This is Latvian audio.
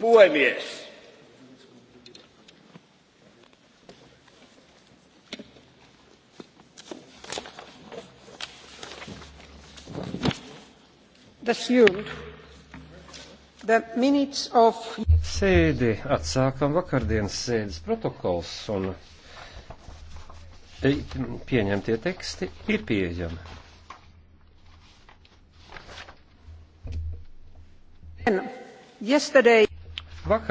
Puhemies. Of... Sēdi atsākam vakardienas sēdes protokols un pieņemtie teksti ir pieejami. Yesterday